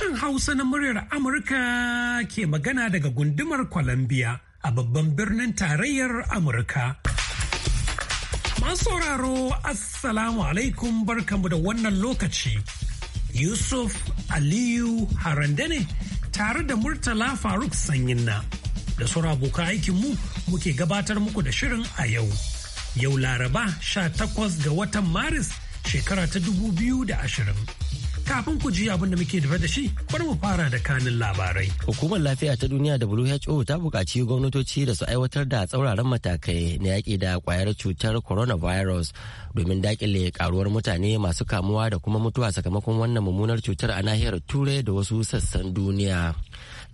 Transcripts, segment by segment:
Sashen Hausa na muryar Amurka ke magana daga gundumar Kwalambiya a babban birnin tarayyar Amurka. sauraro Assalamu alaikum barkamu da wannan lokaci. Yusuf Aliyu ne, tare da Murtala Faruk Sanyinna da sura abokan aikinmu muke gabatar muku da shirin a yau. Yau Laraba sha takwas ga watan Maris shekara ta dubu biyu da ashirin. kafin ku ji abin da muke dafa da shi bari mu fara da kanin labarai. Hukumar lafiya ta duniya da WHO ta buƙaci gwamnatoci da su aiwatar da tsauraran matakai na yaƙi da ƙwayar cutar coronavirus domin daƙile ƙaruwar mutane masu kamuwa da kuma mutuwa sakamakon wannan mummunar cutar a nahiyar Turai da wasu sassan duniya.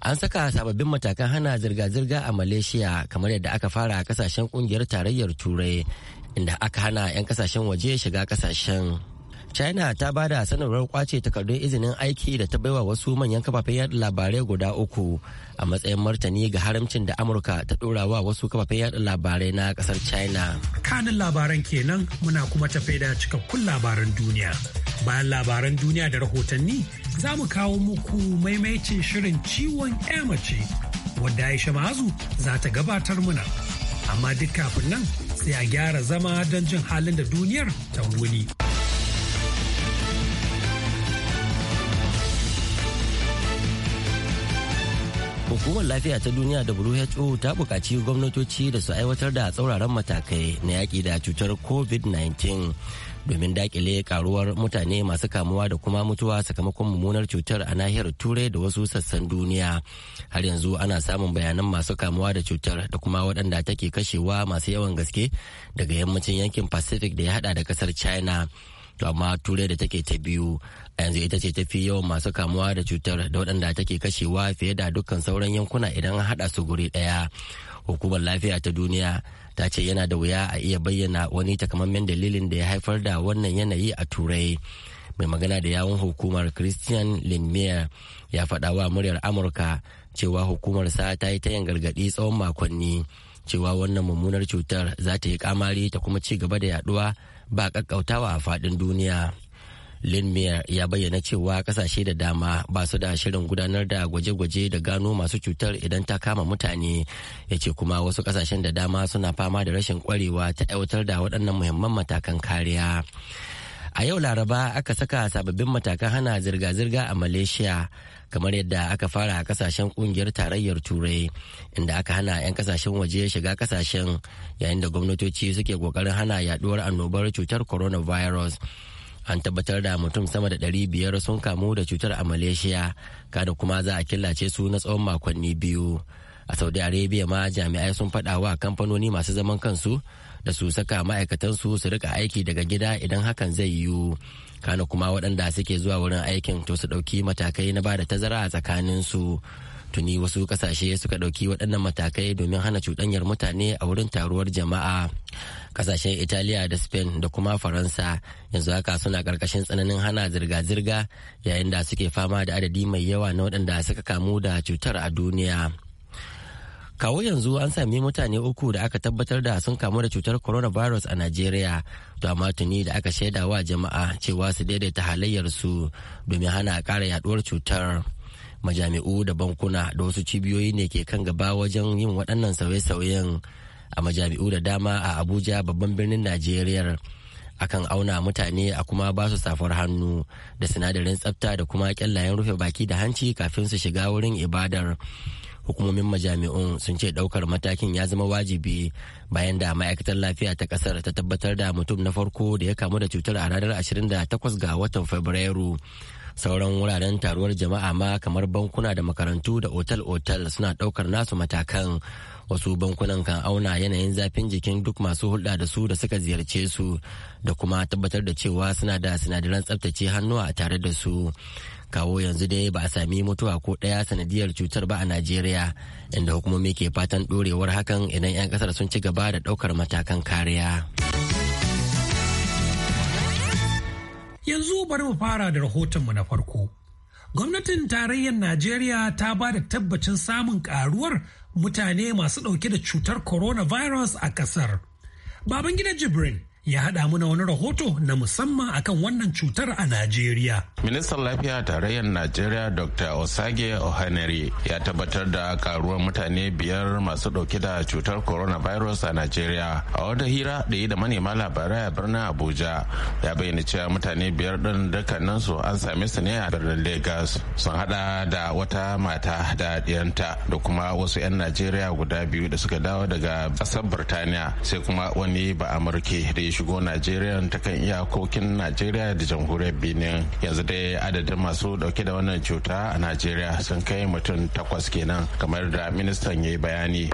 An saka sababbin matakan hana zirga-zirga a Malaysia kamar yadda aka fara a kasashen kungiyar tarayyar Turai inda aka hana 'yan kasashen waje shiga kasashen. china ta ba da sanarwar kwace takardun izinin aiki da ta baiwa wasu manyan kafafen yada labarai guda uku a matsayin martani ga haramcin da amurka ta dora wa wasu kafafen yada labarai na kasar china kanin labaran kenan muna kuma tafe da cikakkun labaran duniya bayan labaran duniya da rahotanni za mu kawo muku maimaicin shirin ciwon mace wadda aisha mazu za ta gabatar muna amma duk kafin nan sai a gyara zama don jin halin da duniyar ta wuni. Hukumar lafiya ta duniya da WHO ta buƙaci gwamnatoci da su aiwatar da tsauraran matakai na yaƙi da cutar COVID-19 domin daƙile karuwar mutane masu kamuwa da kuma mutuwa sakamakon mummunar cutar a nahiyar Turai da wasu sassan duniya. Har yanzu ana samun bayanan masu kamuwa da cutar da kuma waɗanda take kashewa masu yawan gaske daga yammacin yankin Pacific da ya haɗa da ƙasar China. to amma turai da take ta biyu a yanzu ita ce ta fi yawan masu kamuwa da cutar da waɗanda take kashewa fiye da dukkan sauran yankuna idan haɗa su guri ɗaya hukumar lafiya ta duniya ta ce yana da wuya a iya bayyana wani takamaiman dalilin da ya haifar da wannan yanayi a turai mai magana da yawun hukumar christian linmeyer ya faɗa wa muryar amurka cewa hukumar sa ta yi ta yin gargaɗi tsawon makonni cewa wannan mummunar cutar za ta yi kamari ta kuma ci gaba da yaduwa ba kakkautawa a faɗin duniya linmier ya bayyana cewa kasashe da dama ba su da shirin gudanar da gwaje-gwaje da gano masu cutar idan ta kama mutane ya ce kuma wasu kasashen da dama suna fama da rashin kwarewa ta aiwatar da waɗannan muhimman matakan kariya a yau laraba aka saka sababbin matakan hana zirga-zirga a malaysia kamar yadda aka fara a kasashen kungiyar tarayyar turai inda aka hana 'yan kasashen waje shiga kasashen yayin da gwamnatoci suke kokarin hana yaduwar annobar cutar coronavirus an tabbatar da mutum sama da ɗari biyar sun kamu da cutar a malaysia kada kuma za a killace su na tsawon makonni biyu a saudi arabia ma jami'ai sun faɗa wa kamfanoni masu zaman kansu da su saka ma'aikatan su su rika aiki daga gida idan hakan zai yiwu kana kuma waɗanda suke zuwa wurin aikin to su ɗauki matakai na bada tazara a tsakanin su tuni wasu kasashe suka ɗauki waɗannan matakai domin hana cuɗanyar mutane a wurin taruwar jama'a kasashen italiya da spain da kuma faransa yanzu haka suna ƙarƙashin tsananin hana zirga-zirga yayin da suke fama da adadi mai yawa na waɗanda suka kamu da cutar a duniya kawo yanzu an sami mutane uku da aka tabbatar da sun kamu da cutar coronavirus a najeriya to amma tuni da aka shaida wa jama'a cewa su daidaita halayyarsu domin hana ƙara yaduwar cutar majami'u da bankuna da wasu cibiyoyi ne ke kan gaba wajen yin waɗannan sauye-sauyen a majami'u da dama a abuja babban birnin najeriya akan auna mutane a kuma ba su safar hannu da sinadarin tsafta da kuma kyallayen rufe baki da hanci kafin su shiga wurin ibadar hukumomin majami'un sun ce daukar matakin ya zama wajibi bayan da ma'aikatar lafiya ta kasar ta tabbatar da mutum na farko da ya kamu da cutar a ranar 28 ga watan fabrairu sauran wuraren taruwar jama'a ma kamar bankuna da makarantu da otal-otal suna daukar nasu matakan wasu bankunan kan auna yanayin zafin jikin duk masu hulɗa da su da suka ziyarce su da kuma tabbatar da cewa suna da sinadaran tsabtace hannu a tare da su kawo yanzu dai ba a sami mutuwa ko ɗaya sanadiyar cutar ba a najeriya inda hukumomi ke fatan ɗorewar hakan idan 'yan ƙasar sun ci gaba da ɗaukar matakan kariya yanzu bari mu fara da rahotonmu na farko gwamnatin tarayyar najeriya ta ba da tabbacin samun karuwar mutane masu ɗauke da cutar coronavirus a ƙasar babangida jibrin ya haɗa muna wani rahoto na musamman akan wannan cutar a Najeriya. Ministan Lafiya Tarayyar Najeriya Dr. Osage Ohanere ya tabbatar da karuwar mutane biyar masu ɗauke da cutar coronavirus a Najeriya. A wata hira da yi da manema labarai a birnin Abuja ya bayyana cewa mutane biyar ɗin dukkanin su an same su ne a birnin Lagos. Sun haɗa da wata mata da ɗiyanta da kuma wasu 'yan Najeriya guda biyu da suka dawo daga ƙasar Birtaniya sai kuma wani ba Amurke da ya shigo najeriya ta kan iyakokin najeriya da jamhuriyar benin yanzu dai adadin masu dauke da wannan cuta a najeriya sun kai mutum takwas kenan kamar da ministan ya yi bayani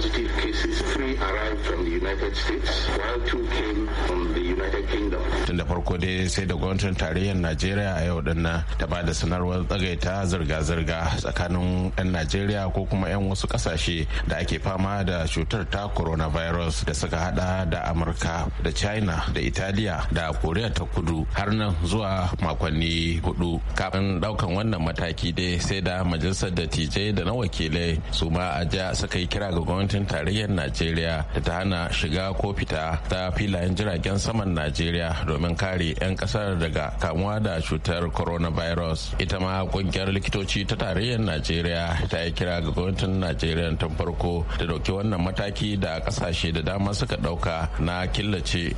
positive cases, three arrived from the United States, while two came from the United Kingdom. Tun da farko dai sai da gwamnatin tarayyar Najeriya a yau dinnan ta ba da sanarwar tsagaita zirga-zirga tsakanin 'yan Najeriya ko kuma 'yan wasu kasashe da ake fama da cutar ta coronavirus da suka hada da Amurka da China da Italiya da Koriya ta kudu har nan zuwa makonni hudu. Kafin daukan wannan mataki dai sai da majalisar dattijai da na wakilai su ma a ja suka yi kira ga gwamnati gwamnatin tarayyar najeriya da ta hana shiga ko fita ta filayen jiragen saman najeriya domin kare 'yan kasar daga kamuwa da cutar coronavirus ita ma kungiyar likitoci ta tarayyar najeriya ta yi kira ga gwamnatin najeriya ta farko da dauki wannan mataki da kasashe da dama suka dauka na killace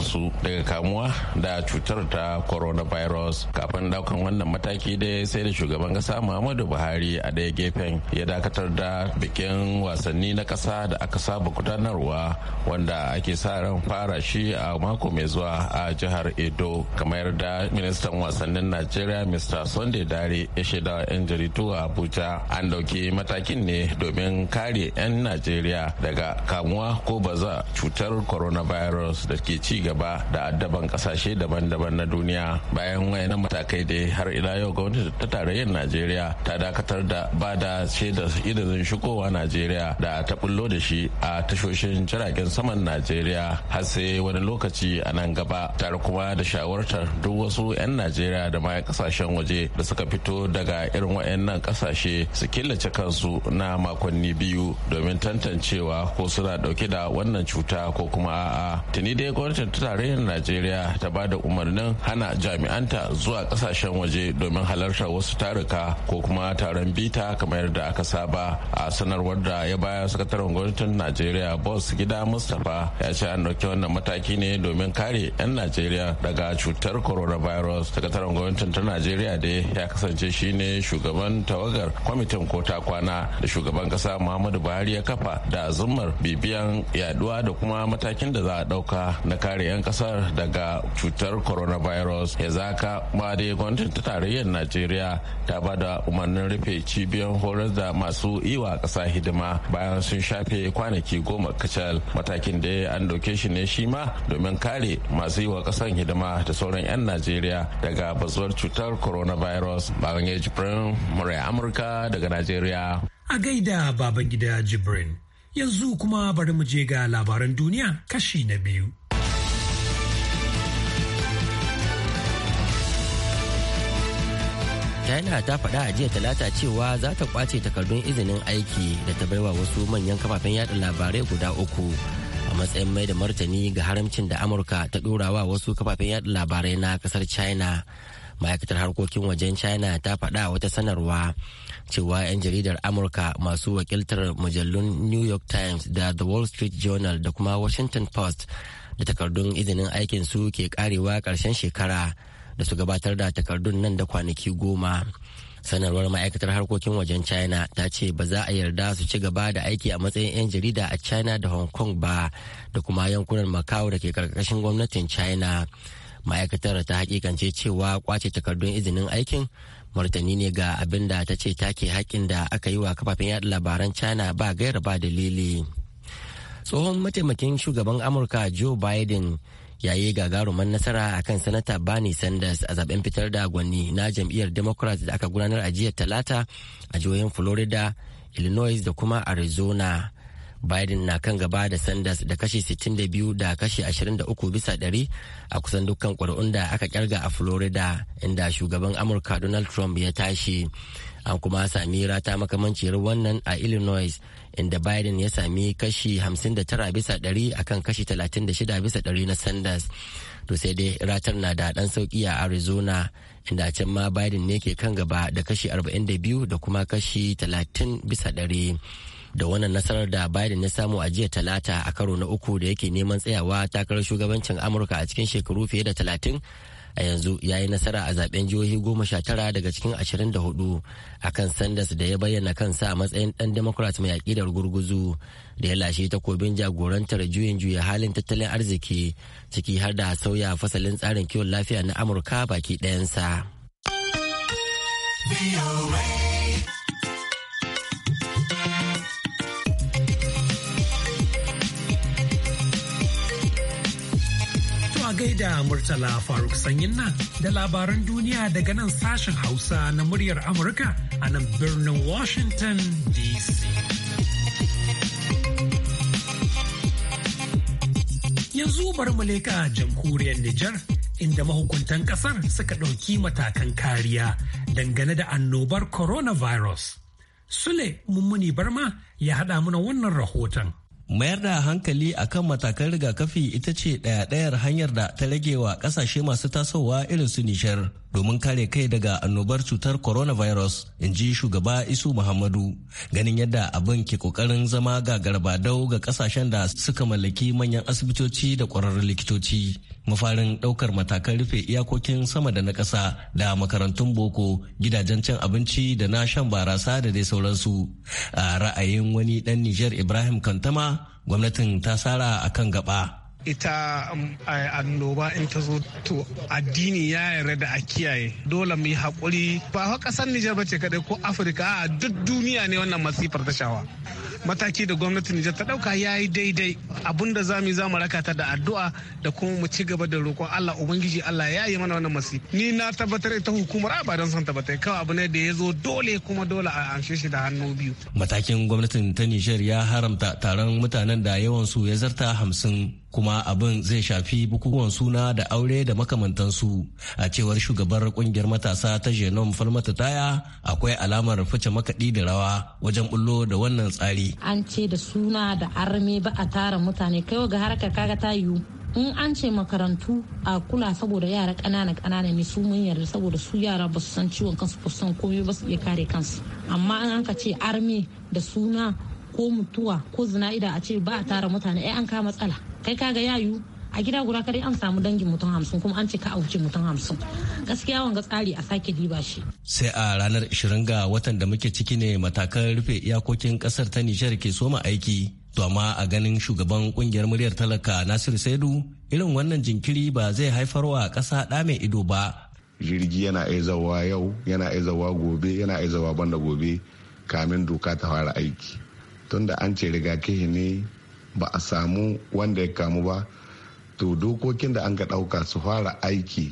su daga kamuwa da cutar ta coronavirus kafin daukan wannan mataki dai sai da shugaban kasa muhammadu buhari a daya gefen ya dakatar da bikin wasanni na ƙasa da aka saba gudanarwa wanda ake sa ran fara shi a mako mai zuwa a jihar edo kamar da ministan wasannin najeriya mr sunday dare ya shaida 'yan jaridu a abuja an dauki matakin ne domin kare 'yan najeriya daga kamuwa ko baza cutar coronavirus da ke ci gaba da addaban kasashe daban-daban na duniya bayan wayan matakai dai har ila yau gwamnati ta tarayyar najeriya ta dakatar da ba da shaida shaidar shigowa najeriya da ta bullo da shi a tashoshin jiragen saman najeriya har sai wani lokaci a nan gaba tare kuma da shawartar duk wasu 'yan najeriya da ma kasashen waje da suka fito daga irin wayannan kasashe su killace kansu na makonni biyu domin tantancewa ko suna dauke da wannan cuta ko kuma a'a tuni dai gwamnatin ta tarayyar najeriya ta ba da umarnin hana jami'anta zuwa kasashen waje domin halartar wasu taruka ko kuma taron bita kamar yadda aka saba a sanarwar da ya baya sakataren gwamnatin najeriya boss gida mustapha ya ce an ɗauki wannan mataki ne domin kare 'yan najeriya daga cutar coronavirus sakataren gwamnatin ta najeriya da ya kasance shine shugaban tawagar kwamitin kota kwana da shugaban kasa muhammadu buhari ya kafa da zumar bibiyan yaduwa da kuma matakin da za a ɗauka na kare 'yan kasar daga cutar coronavirus ya zaka ma dai gwamnatin ta tarayyar najeriya ta ba da umarnin rufe cibiyar horar da masu yiwa ƙasa hidima bayan sun shafe kwanaki goma kacal matakin da an ɗauke shi ne shi ma domin kare masu yi wa ƙasar hidima da sauran 'yan najeriya daga bazuwar cutar coronavirus bayan ya jibrin murai amurka daga najeriya a gaida baban gida jibrin yanzu kuma bari mu je ga labaran duniya kashi na biyu china ta faɗa a jiya talata cewa za ta kwace takardun izinin aiki da ta baiwa wasu manyan kafafen yada labarai guda uku a matsayin mai da martani ga haramcin da amurka ta ɗorawa wasu kafafen yada labarai na ƙasar china ma'aikatar harkokin wajen china ta faɗa wata sanarwa cewa 'yan jaridar amurka masu wakiltar mujallun new york times da the wall street journal da kuma washington post da takardun izinin aikin su ke karewa ƙarshen shekara da su gabatar da takardun nan da kwanaki goma sanarwar ma'aikatar harkokin wajen china ta ce ba za a yarda su ci gaba da aiki a matsayin 'yan jarida a china da hong kong ba da kuma yankunan Makau da ke karkashin gwamnatin china ma'aikatar ta hakikance cewa kwace takardun izinin aikin martani ne ga abin da ta ce take hakkin da aka yi wa kafafen yada labaran china ba gaira ba dalili tsohon mataimakin shugaban amurka joe biden yayi gagaruman nasara a kan sanata Bernie Sanders a zaben fitar da gwani na jam'iyyar Democrat da aka gudanar a jiya Talata a jihohin Florida, Illinois da kuma Arizona. Biden na kan gaba da Sanders da kashi 62 da kashi 23 bisa ɗari a kusan dukkan ƙuri'un da aka kyarga a Florida inda shugaban Amurka Donald Trump ya tashi. An kuma sami rata makamanciyar wannan a Illinois inda biden ya sami kashi 59 bisa 100 akan kashi 36 bisa 100 na sanders to sai dai ratar na da dan sauki a arizona inda a can ma biden ne ke kan gaba da kashi 42 da kuma kashi 30 bisa 100 da wannan nasarar da Biden ya samu a jiya talata a karo na uku da yake neman tsayawa takarar shugabancin Amurka a cikin shekaru fiye da talatin a yanzu ya yi nasara a zaben jihohi goma sha tara daga cikin ashirin da hudu a kan sanders da ya bayyana kansa a matsayin dan democrat mai aƙidar gurguzu da ya lashe takobin jagorantar juyin juya halin tattalin arziki ciki har da sauya fasalin tsarin kiwon lafiya na amurka baki ɗayansa. gaida Murtala Faruk Sanyin nan da labaran duniya daga nan sashen Hausa na muryar Amurka a nan birnin Washington DC. Yanzu bari mu leka jamhuriyar Nijar inda mahukuntan kasar suka ɗauki matakan kariya dangane da annobar coronavirus. Sule Mummuni Barma ya haɗa muna wannan rahoton. mayar da hankali a kan matakan rigakafi ita ce ɗaya-ɗayar hanyar da ta rage wa ƙasashe masu tasowa irin su nishar domin kare kai daga annobar cutar coronavirus in ji shugaba isu muhammadu ganin yadda abin ke kokarin zama gagarbadau ga kasashen da suka mallaki manyan asibitoci da kwararrun likitoci mafarin daukar matakan rufe iyakokin sama da na ƙasa da makarantun boko gidajen cin abinci da na shan barasa da dai sauransu a ra'ayin wani dan nijar ibrahim kantama gwamnatin ta sara akan gaba ita um, annoba in ta zo to addini ya yarda da a kiyaye dole mu yi haƙuri ba fa ƙasar Nijar ba ce kaɗai ko Afirka a duk duniya ne wannan masifar ta shawa mataki da gwamnatin Nijar ta ɗauka ya yi daidai abinda za mu yi za mu raka da addu'a da kuma mu ci gaba da roƙon Allah ubangiji Allah ya yi mana wannan masifa ni na tabbatar ita hukumar ba don son tabbatar kawai abu ne da ya zo dole kuma dole a amshe shi da hannu biyu matakin gwamnatin ta Nijar ya haramta taron mutanen da yawan su ya zarta hamsin kuma kuma abin zai shafi bukukuwan suna da aure da makamantansu a cewar shugabar kungiyar matasa ta genome falmata taya akwai alamar fice makaɗi da rawa wajen bullo da wannan tsari an ce da suna da arme ba a tara mutane kai ga harkar kaga ta yiwu in an ce makarantu a kula saboda yara ƙanana ƙanana ne su mun yarda saboda su yara ba su san ciwon kansu ba su san komai ba su iya kare kansu amma an ka ce arme da suna ko mutuwa ko zina'ida a ce ba a tara mutane ai an kama matsala kai ga yayu a gida guda kadai an samu dangin mutum hamsin kuma an ce ka wuce mutum hamsin gaskiya wanga tsari a sake diba shi sai a ranar 20 ga watan da muke ciki ne matakan rufe iyakokin kasar ta nijar ke soma aiki to amma a ganin shugaban kungiyar muryar talaka nasir saidu irin wannan jinkiri ba zai wa kasa ɗa mai ido ba jirgi yana aizawa yau yana aizawa gobe yana aizawa banda gobe kamin doka ta fara aiki tunda an ce rigakafi ne ba a samu wanda ya kamu ba to dokokin da an ka ɗauka su fara aiki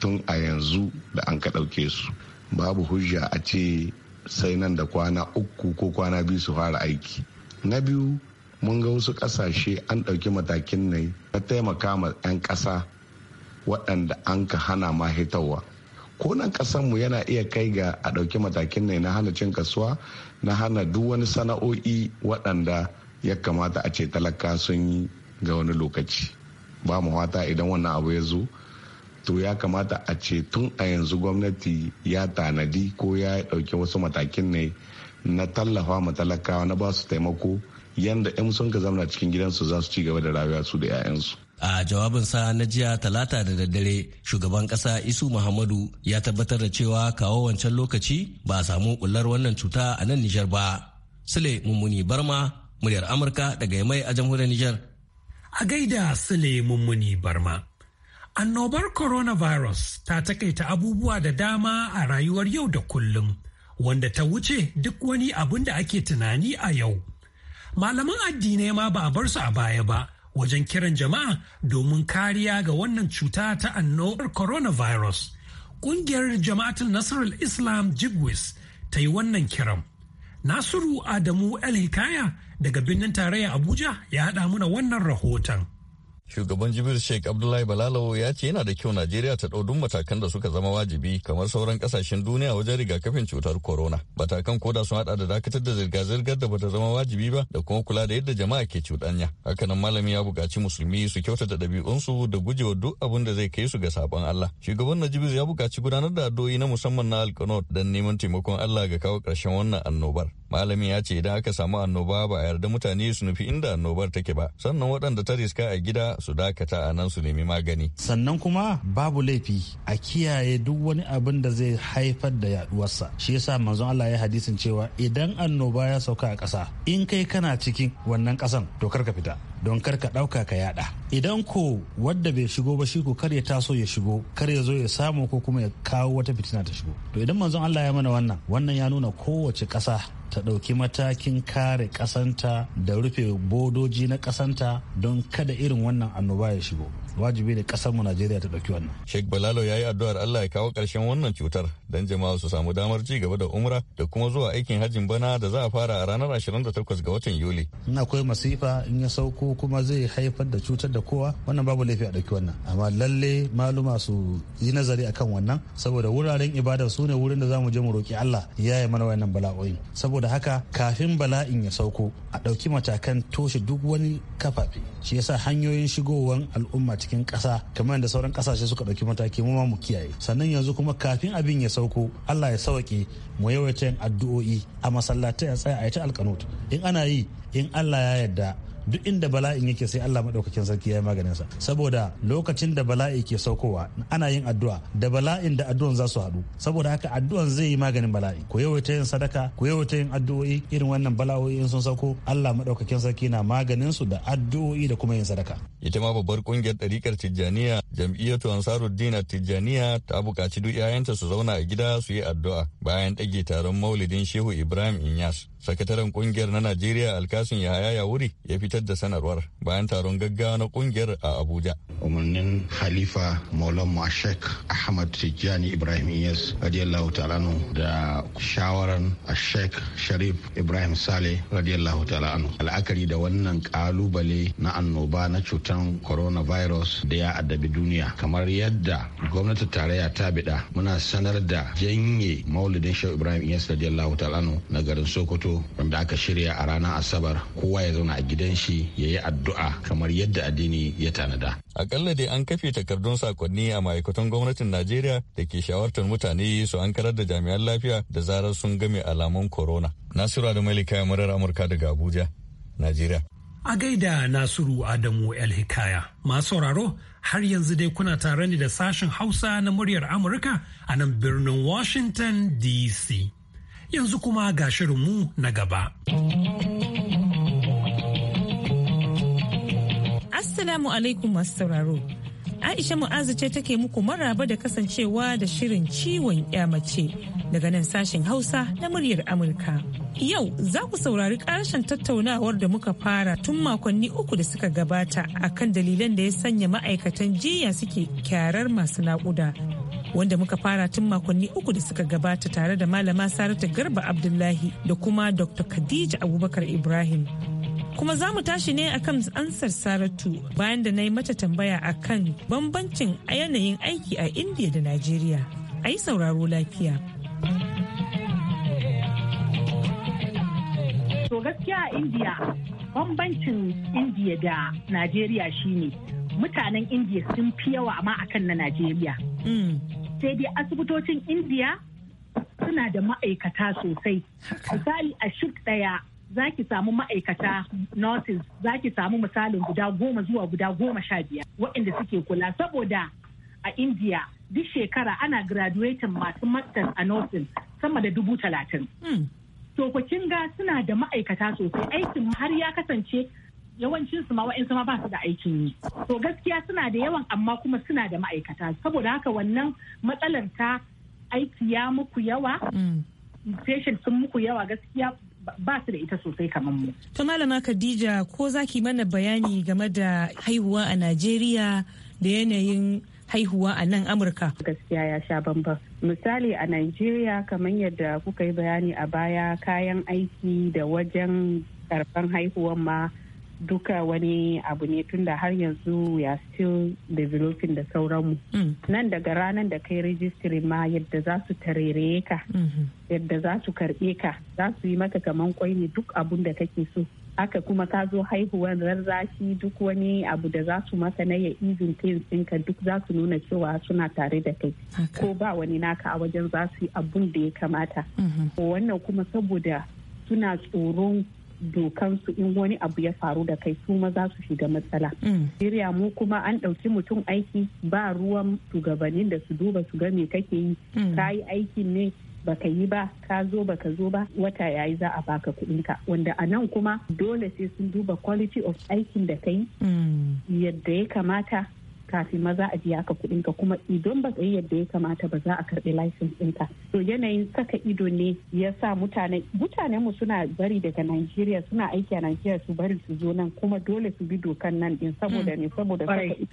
tun a yanzu da an ka ɗauke su babu hujja a ce sai nan da kwana uku ko kwana biyu su fara aiki na biyu mun ga wasu kasashe an ɗauki matakin ne na taimaka ma 'yan ƙasa waɗanda an ka hana ma hitawa ko nan ƙasanmu yana iya kai ga a ɗauki matakin ne na hana cin kasuwa na hana duk wani sana'o'i waɗanda ya kamata a ce talaka sun yi ga wani lokaci ba mu wata idan wannan abu ya zo to ya kamata a ce tun a yanzu gwamnati ya tanadi ko ya ɗauki wasu matakin ne na tallafa ma talakawa na basu taimako yanda 'yan sun ka zamana cikin gidansu za su ci gaba da rayuwa su da 'ya'yansu a jawabin sa na jiya talata da daddare shugaban kasa isu muhammadu ya tabbatar da cewa kawo wancan lokaci ba a samu kullar wannan cuta a nan nijar ba sule mummuni barma muryar Amurka daga mai a jamhuriyar Nijar. A gaida Sule Mummuni Barma. Annobar coronavirus ta takaita abubuwa da dama a rayuwar yau da kullum, wanda ta wuce duk wani abin da ake tunani a yau. Malaman addinai ma ba a bar su a baya ba wajen kiran jama'a domin kariya ga wannan cuta ta annobar coronavirus. Ƙungiyar jama'atul Nasarar Islam Jibwis ta yi wannan kiran. Nasiru Adamu El Hikaya daga birnin tarayya Abuja ya haɗa muna wannan rahoton. Shugaban jibir Sheikh Abdullahi Balalawo ya ce yana da kyau Najeriya ta ɗau matakan da suka zama wajibi kamar sauran kasashen duniya wajen rigakafin cutar corona. Matakan koda sun hada da dakatar da zirga-zirgar da bata zama wajibi ba da kuma kula da yadda jama'a ke cuɗanya. Hakanan malami ya buƙaci musulmi su kyautata ɗabi'unsu da gujewa duk abin da zai kai su ga sabon Allah. Shugaban Najibir ya buƙaci gudanar da addu'o'i na musamman na alkanot don neman taimakon Allah ga kawo ƙarshen wannan annobar. malami ya ce idan aka samu annoba ba a yarda mutane su nufi inda annobar take ba sannan waɗanda ta riska a gida su dakata a nan su nemi magani. Sannan kuma babu laifi a kiyaye duk wani abin da zai haifar da yaduwarsa. Shi yasa manzon Allah ya hadisin cewa idan annoba ya sauka a ƙasa in kai kana cikin wannan ƙasan to kar ka fita. don kar ka ɗauka ka yada idan ko wadda bai shigo ba shi ko kar ya taso ya shigo kar ya zo ya samu ko kuma ya kawo wata fitina ta shigo to idan manzon Allah ya mana wannan wannan ya nuna kowace ƙasa ta ɗauki matakin kare ƙasanta da rufe bodoji na ƙasanta don kada irin wannan annoba ya shigo wajibi ne kasar mu Najeriya ta dauki wannan. Sheikh Balalo ya yi addu'ar Allah ya kawo ƙarshen wannan cutar don jama'a su samu damar ci gaba da umra da kuma zuwa aikin hajjin bana da za a fara a ranar 28 ga watan Yuli. In akwai masifa in ya sauko kuma zai haifar da cutar da kowa wannan babu laifi a dauki wannan amma lalle maluma su yi nazari akan wannan saboda wuraren ibada su ne wurin da za mu je mu roki Allah ya yi mana wannan bala'o'in saboda haka kafin bala'in ya sauko a ɗauki matakan toshe duk wani kafafe shi yasa hanyoyin shigowan al'umma cikin ƙasa kamar yadda sauran ƙasashe suka ɗauki mataki mu mu kiyaye sannan yanzu kuma kafin abin ya sauko Allah ya sauke mu yawaita yin addu'o'i a masallatai a tsaya a yi ta alkanut in ana yi in Allah ya yarda duk inda bala'in yake sai Allah madaukakin sarki ya yi maganin sa saboda lokacin da bala'i ke saukowa ana yin addu'a da bala'in da addu'an za su haɗu saboda haka addu'an zai yi maganin bala'i yau ta yin sadaka yau ta yin addu'o'i irin wannan bala'o'i in sun sauko Allah maɗaukakin sarki na maganin su da addu'o'i da kuma yin sadaka ita ma babbar kungiyar ɗarikar Tijjaniya jam'iyyatu Ansaruddin Tijjaniya ta buƙaci duk 'ya'yanta su zauna a gida su yi addu'a bayan ɗage taron Maulidin Shehu Ibrahim Inyas sakataren kungiyar na najeriya alkasin yahaya Yawuri ya fitar da sanarwar bayan taron gaggawa na kungiyar a abuja umarnin halifa maulan mashek ahmad tijjani ibrahim yes radiyallahu ta'ala da shawaran Sheikh sharif ibrahim sale radiyallahu ta'ala al'akari da wannan kalubale na annoba na cutar coronavirus da ya addabi duniya kamar yadda gwamnatin tarayya ta bida muna sanar da janye maulidin Sheikh ibrahim yes radiyallahu ta'ala na garin sokoto wanda aka shirya a ranar asabar kowa ya zauna a gidan shi ya yi addu'a kamar yadda addini ya tanada akalla dai an kafe takardun sakonni a ma'aikatan gwamnatin najeriya da ke shawartar mutane su an karar da jami'an lafiya da zarar sun game alamun corona nasiru Adamu malika murar amurka daga abuja najeriya a gaida nasiru adamu Elhikaya, hikaya masu sauraro har yanzu dai kuna tare ne da sashen hausa na muryar amurka a nan birnin washington dc yanzu kuma ga shirinmu na gaba. Assalamu alaikum masu sauraro. Aisha Mu'azu ce take muku maraba da kasancewa da shirin ciwon mace daga nan sashen Hausa na muryar Amurka. Yau za ku saurari ƙarshen tattaunawar da muka fara tun makonni uku da suka gabata akan dalilan da ya sanya ma'aikatan jiya suke kyarar masu naƙuda wanda muka fara tun makonni uku da suka gabata tare da malama saratu garba abdullahi da kuma dr khadija abubakar ibrahim kuma za mu tashi ne akan ansar saratu bayan da na yi mata tambaya akan bambancin a yanayin aiki a indiya da najeriya a yi sauraro lafiya to gaskiya a indiya bambancin indiya da najeriya shine mutanen indiya sun fi yawa amma akan na najeriya mm. sai dai asibitocin indiya suna da ma'aikata sosai misali a shuk daya za ki samu ma'aikata nurses za ki samu misalin guda goma zuwa guda goma sha biyar waɗanda suke kula saboda a indiya duk shekara ana graduatin masu masters a nursing sama da dubu talatin hmm. to ga suna da ma'aikata sosai aikin har ya kasance yawancin su ma wa'in ma ba su da aikin yi to gaskiya suna da yawan amma kuma suna da ma'aikata saboda haka wannan matsalar ta aiki ya muku yawa mm. patient sun muku yawa gaskiya ba su da ita sosai kamar mu. To malama Khadija ko za ki mana bayani game da haihuwa a Najeriya da yanayin haihuwa a nan Amurka. Gaskiya ya sha bambam. Misali a Najeriya kamar yadda kuka yi bayani a baya kayan aiki da wajen karban haihuwan ma duka wani abu ne tunda har yanzu ya still developing da sauranmu mm. nan daga ranar da kai registry ma yadda za su tarere ka mm-hmm. yadda za su karbe ka za su yi maka kaman kwai ne duk abun da kake so Aka kuma ka zo haihuwar rarrashi duk wani abu da za su maka na ya izin ka duk za su nuna cewa suna tare da kai ko ba wani naka a wajen za su yi abun da ya kamata mm-hmm. wannan kuma saboda suna tsoron dokansu in wani abu ya faru da kai su maza su shiga matsala. Siriya mm. mu kuma an ɗauki mutum aiki ba ruwan shugabannin da su duba su ga me kake yi. Mm. Ka yi aikin ne baka yi ba ka zo baka zo ba wata yayi za a baka ka. wanda a nan kuma dole sai sun duba quality of aikin da kai mm. yadda ya kamata kafin ma za a biya ka kuɗin ka kuma idan ba yi yadda ya kamata ba za a karɓi license ɗinka to yanayin saka ido ne ya sa mutane mutanen mu suna bari daga Najeriya suna aiki a Najeriya su bari su zo nan kuma dole su bi dokan nan din saboda ne hmm. saboda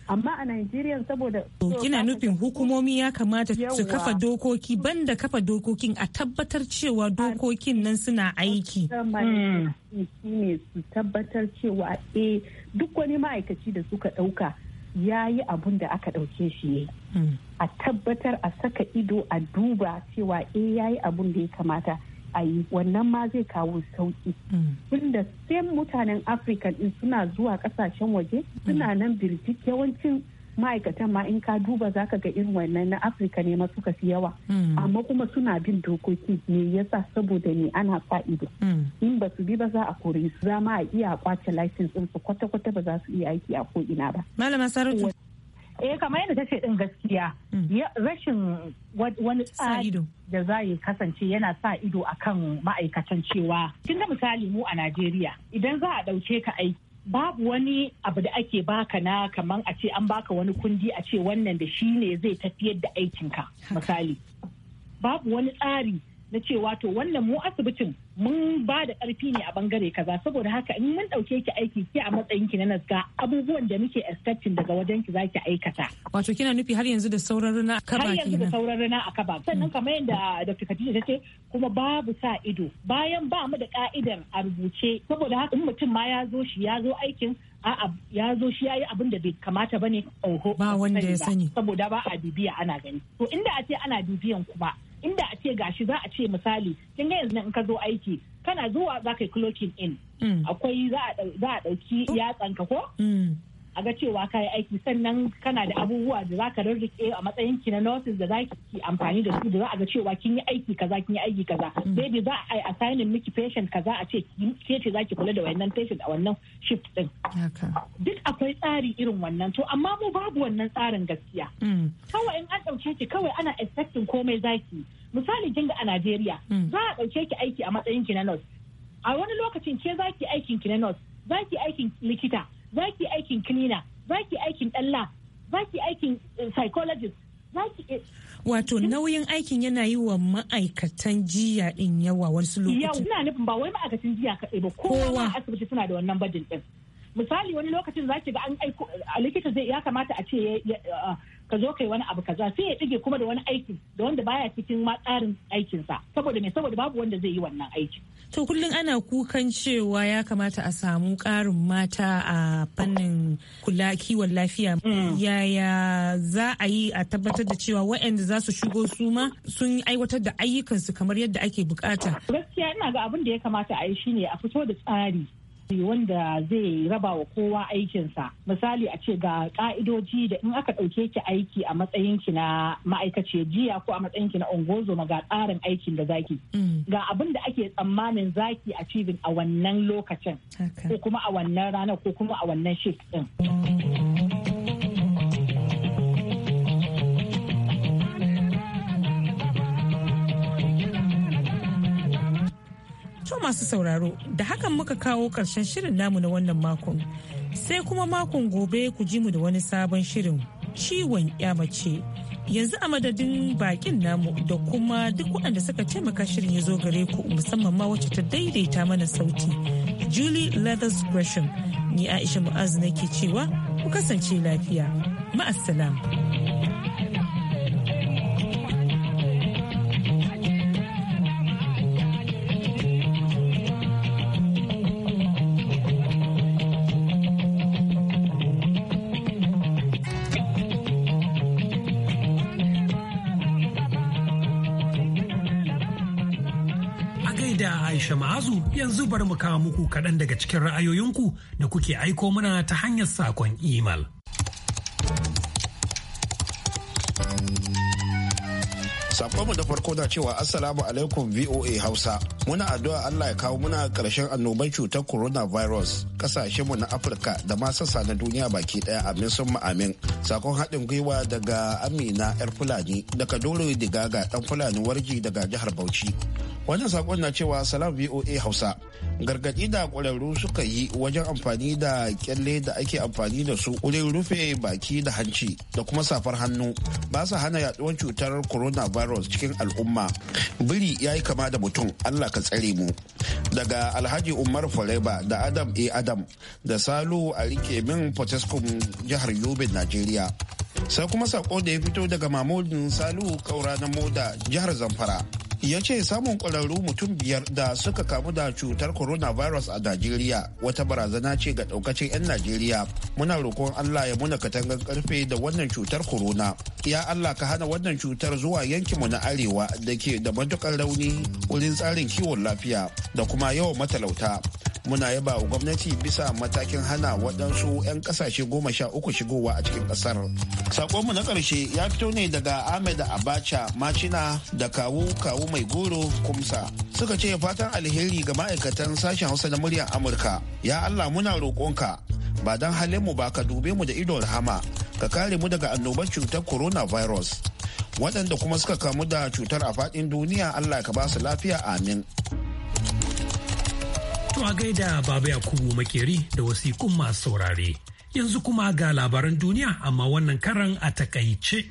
amma a Najeriya saboda kina nufin hukumomi ya kamata su kafa dokoki banda kafa dokokin a tabbatar cewa dokokin nan suna aiki hmm. ne su tabbatar cewa eh duk wani ma'aikaci da suka ɗauka ya yi abun da aka ɗauke shi ne hmm. a tabbatar a saka ido a duba cewa eh ya yi abun da ya kamata a yi wannan ma zai kawo sauƙi. Hmm. tunda same mutanen afirka din suna zuwa kasashen waje suna nan birjik yawancin ma'aikatan ma in ka duba za ka ga irin wannan na afirka ne masu kasi yawa hmm. amma kuma suna bin dokoki me yasa saboda ne ana fa'idu. Hmm. in ba su bi ba za a kore su za ma a iya kwace license su kwata-kwata ba za su iya aiki a ko'ina ba malama sarutu eh kamar yadda ta ce din gaskiya hmm. rashin wani tsari da za ya kasance yana sa ido akan ma'aikatan cewa kin na misali mu a Najeriya idan za a ɗauke ka aiki babu wani abu da ake baka na kamar a ce an baka wani kundi a ce wannan da shi ne zai tafiyar da aikinka misali babu wani tsari na cewa to wannan mu asibitin mun ba da ƙarfi ne a bangare kaza saboda haka in mun ɗauke ki aiki ki a matsayin ki na naska abubuwan da muke expecting daga wajen ki zaki aikata. Wato kina nufi har yanzu da sauran rana a kaba Har yanzu da sauran rana a kaba sannan mm. kamar yadda Dr. Khadija ta ce kuma babu sa ido bayan ba mu da ka'idar a rubuce saboda haka in mutum ma ya zo shi ya zo aikin a'a ya zo shi ya yi abin da bai kamata ne oho ba wanda ya sani saboda ba a bibiya ana gani to inda a ce ana bibiyan kuma inda a ce gashi za a ce misali kin ga yanzu in ka zo aiki kana zuwa za ka yi clocking in mm. akwai za a ɗauki yatsanka ko mm. a ga cewa kayi aiki sannan kana da abubuwa da za ka rarrike a matsayin ki na nurses da za ki amfani da su da za a ga cewa kin yi aiki kaza kin yi aiki kaza baby za a yi assigning miki patient kaza a ce ke ce za ki kula da wannan patient a wannan shift din duk akwai tsari irin wannan to amma mu babu wannan tsarin gaskiya mm. kawai in an ɗauke ki kawai ana expecting komai za zaki misali kin ga a Najeriya mm. za a ɗauke ki aiki a matsayin ki na nurse a wani lokacin ke za ki aikin ki na nurse za ki aikin likita za ki aikin cleaner za ki aikin ɗalla za ki aikin eh, psychologist za eh, wato nauyin aikin yana yi wa ma'aikatan jiya din yawa wasu lokutan yau ina nufin ba wai ma'aikatan jiya kaɗai ba kowa asibiti suna da wannan bajin din misali wani lokacin za ki ga an aiko likita zai ya kamata a ce eh, ka zo kai wani abu kaza sai ya dige kuma da wani aikin da wanda baya cikin ma tsarin sa saboda me saboda babu wanda zai yi wannan aiki. To kullum ana kukan cewa ya kamata a samu ƙarin mata a fannin kula kiwon lafiya. Mm. Yaya za a yi a tabbatar da cewa waɗanda za su shigo su ma sun aiwatar da ayyukansu kamar yadda ake bukata. Gaskiya ina ga abin da ya kamata a yi shine a fito da tsari wanda zai raba wa kowa aikinsa misali a ce ga ka'idoji da in aka ɗauke ki aiki a matsayin ki na ma'aikaci jiya ko a matsayin ki na ungozoma ga tsarin aikin da zaki mm. ga abin da ake tsammanin zaki a cibin a wannan lokacin ko kuma a wannan ranar ko kuma a wannan shift din. Mm. masu sauraro da hakan muka kawo ƙarshen shirin namu na wannan makon sai kuma makon gobe ku ji mu da wani sabon shirin ciwon mace yanzu a madadin bakin namu da kuma duk waɗanda suka taimaka shirin ya zo gare ku musamman ma wacce ta daidaita mana sauti julie leathers gresham ni aisha mu'azu nake cewa ku kasance lafiya ma'assalam. yanzu bari mu kawo muku kaɗan daga cikin ra'ayoyinku da kuke aiko mana ta hanyar saƙon imel. mu da farko na cewa Assalamu alaikum VOA Hausa. Muna addu'a Allah ya kawo muna karshen annoban cutar corona coronavirus kasashenmu na Afirka da ma sassa na duniya baki daya amin sun amin. Sakon haɗin gwiwa daga Amina 'yar Fulani daga Doro Digaga ɗan Fulani Warji daga jihar Bauchi. wannan sakon na cewa salam voa hausa gargaɗi da ƙwararru suka yi wajen amfani da kyalle da ake amfani da su wurin rufe baki da hanci da kuma safar hannu ba su hana yaduwar cutar coronavirus cikin al'umma biri ya yi kama da mutum allah ka tsare mu daga alhaji umar faleba da adam a adam da salu a rike min potescom jihar yobe nigeria sai kuma sako da ya fito daga mamodin salu kaura na moda jihar zamfara ya ce samun ƙwararru mutum biyar da suka kamu da cutar coronavirus a najeriya wata barazana ce ga ɗaukacin 'yan najeriya muna roƙon allah ya muna katangar karfe da wannan cutar corona ya allah ka hana wannan cutar zuwa yankinmu na arewa da ke da matukar rauni wurin tsarin kiwon lafiya da kuma yawan matalauta muna yaba wa gwamnati bisa matakin hana waɗansu 'yan ƙasashe goma sha uku shigowa a cikin ƙasar. Sakonmu na ƙarshe ya fito ne daga Ahmed Abacha Macina da kawu kawu mai goro kumsa. Suka ce fatan alheri ga ma'aikatan sashen Hausa na muryar Amurka. Ya Allah muna roƙonka ba don halin mu ba ka dube mu da ido rahama ka kare mu daga annobar cutar coronavirus. Waɗanda kuma suka kamu da cutar a faɗin duniya Allah ka ba su lafiya amin. a gaida Baba Yakubu Makeri da wasikun masu saurare. Yanzu kuma ga labaran duniya amma wannan karan a takaice.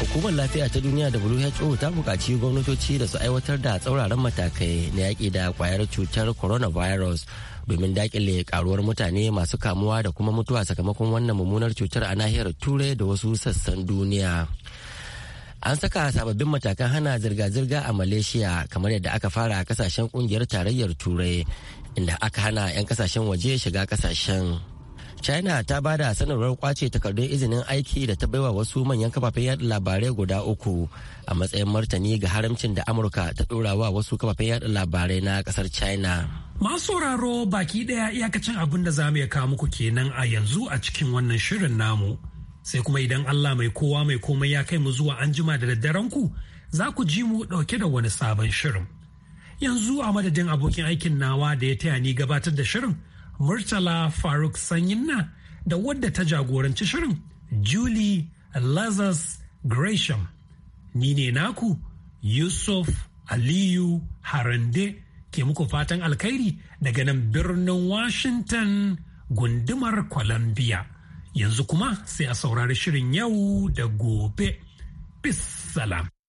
Hukumar lafiya ta duniya WHO ta bukaci gwamnatoci da su aiwatar da tsauraran matakai na yaƙi da kwayar cutar coronavirus domin daƙile ƙaruwar mutane masu kamuwa da kuma mutuwa sakamakon wannan mummunar cutar a nahiyar turai da wasu sassan duniya. an saka sababbin matakan hana zirga-zirga a malaysia kamar yadda aka fara a kasashen kungiyar tarayyar turai inda aka hana 'yan kasashen waje shiga kasashen china ta ba da sanarwar kwace takardun izinin aiki da ta baiwa wasu manyan kafafen yada labarai guda uku a matsayin martani ga haramcin da amurka ta dora wa wasu kafafen yada labarai na kasar china masu sauraro baki daya iyakacin abin da za mu iya kawo muku kenan a yanzu a cikin wannan shirin namu sai kuma idan Allah mai kowa mai komai ya kai mu zuwa anjima da daddaren ku za ku ji mu dauke da wani sabon shirin. Yanzu a madadin abokin aikin nawa da ya taya ni gabatar da shirin Murtala Faruk Sanyinna da wadda ta jagoranci shirin Julie Lazarus Gresham. Ni ne naku Yusuf Aliyu Harande ke muku fatan alkhairi daga nan birnin Washington gundumar Columbia. Yanzu kuma sai a saurari shirin yau da gobe. Bis salam.